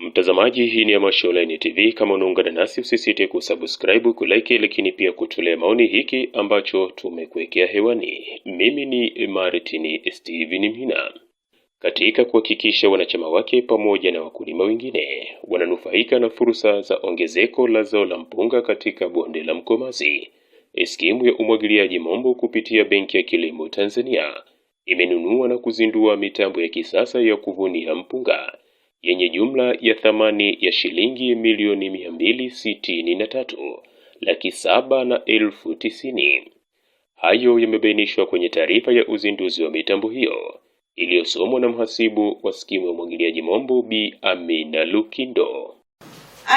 Mtazamaji, hii ni Ama Shuleni TV. Kama unaungana nasi, usisite kusubscribe, kulike, lakini pia kutolea maoni hiki ambacho tumekuwekea hewani. Mimi ni Martin Steven Mhina. Katika kuhakikisha wanachama wake pamoja na wakulima wengine wananufaika na fursa za ongezeko la zao la mpunga katika bonde la Mkomazi, skimu ya umwagiliaji Mombo kupitia Benki ya Kilimo Tanzania imenunua na kuzindua mitambo ya kisasa ya kuvunia mpunga yenye jumla ya thamani ya shilingi milioni mia mbili sitini na tatu laki saba na elfu tisini. Hayo yamebainishwa kwenye taarifa ya uzinduzi wa mitambo hiyo iliyosomwa na mhasibu wa skimu ya umwagiliaji Mombo Bi Amina Lukindo.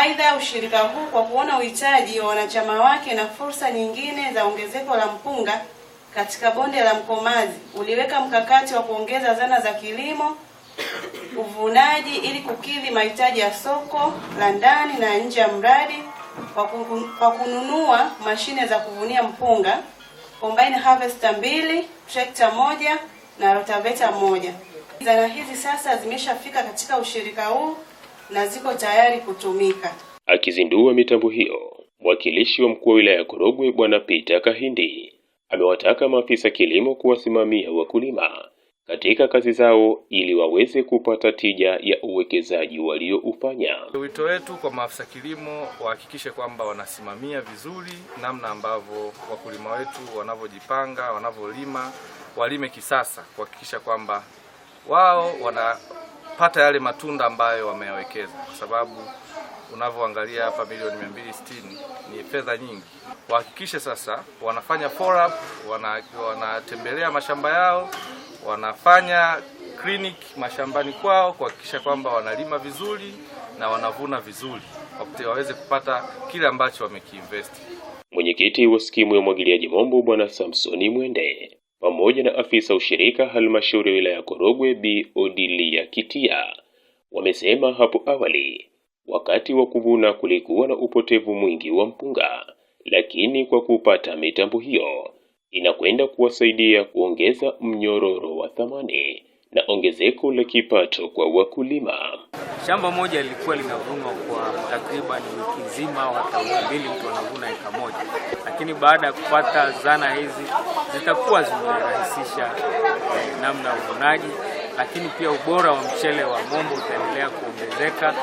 Aidha, ushirika huu kwa kuona uhitaji wa wanachama wake na fursa nyingine za ongezeko la mpunga katika bonde la Mkomazi uliweka mkakati wa kuongeza zana za kilimo uvunaji ili kukidhi mahitaji ya soko la ndani na nje ya mradi kwa kununua mashine za kuvunia mpunga, combine harvester mbili, trekta moja na rotaveta moja. Zana hizi sasa zimeshafika katika ushirika huu na ziko tayari kutumika. Akizindua mitambo hiyo, mwakilishi wa mkuu wa wilaya ya Korogwe Bwana Peter Kahindi amewataka maafisa kilimo kuwasimamia wakulima katika kazi zao ili waweze kupata tija ya uwekezaji walioufanya. Wito wetu kwa maafisa kilimo wahakikishe kwamba wanasimamia vizuri namna ambavyo wakulima wetu wanavyojipanga, wanavyolima, walime kisasa kuhakikisha kwamba wao wanapata yale matunda ambayo wameyawekeza, kwa sababu unavyoangalia hapa milioni 260 ni fedha nyingi. Wahakikishe sasa wanafanya follow up, wanatembelea mashamba yao wanafanya clinic mashambani kwao kuhakikisha kwamba wanalima vizuri na wanavuna vizuri waweze kupata kile ambacho wamekiinvest. Mwenyekiti wa skimu ya umwagiliaji Mombo Bwana Samsoni Mwende pamoja na afisa ushirika halmashauri ya wilaya ya Korogwe Bi Odilia Kitia wamesema hapo awali wakati wa kuvuna kulikuwa na upotevu mwingi wa mpunga, lakini kwa kupata mitambo hiyo inakwenda kuwasaidia kuongeza mnyororo wa thamani na ongezeko la kipato kwa wakulima. Shamba moja lilikuwa linavunwa kwa takriban wiki nzima, hata wiki mbili mtu anavuna eka moja, lakini baada ya kupata zana hizi zitakuwa zimerahisisha eh, namna ya uvunaji, lakini pia ubora wa mchele wa Mombo utaendelea kuongezeka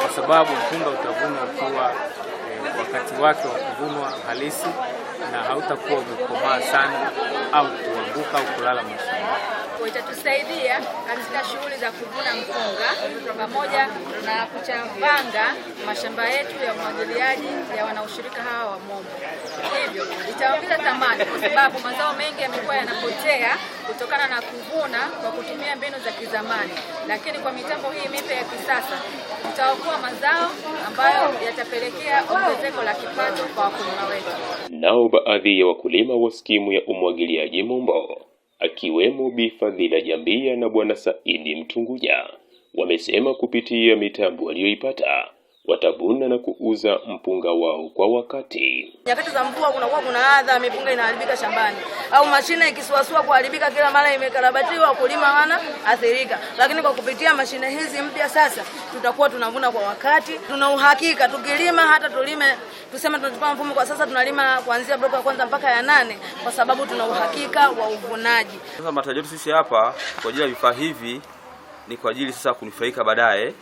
kwa sababu mpunga utavunwa ukiwa wakati wake wa kuvunwa halisi na hautakuwa umekomaa sana au kuanguka au kulala mashambani itatusaidia katika shughuli za kuvuna mpunga pamoja na kuchavanga mashamba yetu ya umwagiliaji ya wanaushirika hawa wa Mombo. Hivyo itaongeza thamani, kwa sababu mazao mengi yamekuwa yanapotea kutokana na kuvuna kwa kutumia mbinu za kizamani, lakini kwa mitambo hii mipya ya kisasa tutaokoa mazao ambayo yatapelekea ongezeko la kipato kwa wakulima wetu. Nao baadhi ya wakulima wa skimu ya umwagiliaji Mombo akiwemo Bi Fadhila Jambia na Bwana Saidi Mtunguja wamesema kupitia mitambo aliyoipata watavuna na kuuza mpunga wao kwa wakati. Nyakati za mvua kunakuwa kuna adha, mipunga inaharibika shambani au mashine ikisuasua kuharibika kila mara, imekarabatiwa wakulima wana athirika, lakini kwa kupitia mashine hizi mpya sasa tutakuwa tunavuna kwa wakati, tuna uhakika tukilima, hata tulime tuseme tunachukua mfumo kwa sasa, tunalima kuanzia bloku ya kwanza mpaka ya nane kwa sababu tuna uhakika wa uvunaji. Sasa matarajio sisi hapa kwa ajili ya vifaa hivi ni kwa ajili sasa kunufaika baadaye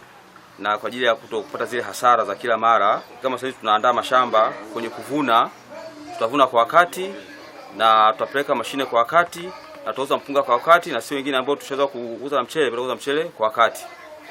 na kwa ajili ya kutopata zile hasara za kila mara. Kama sasa tunaandaa mashamba kwenye kuvuna, tutavuna kwa wakati na tutapeleka mashine kwa wakati na tutauza mpunga kwa wakati, na sio wengine ambao tushaweza kuuza mchele, tutauza mchele kwa wakati.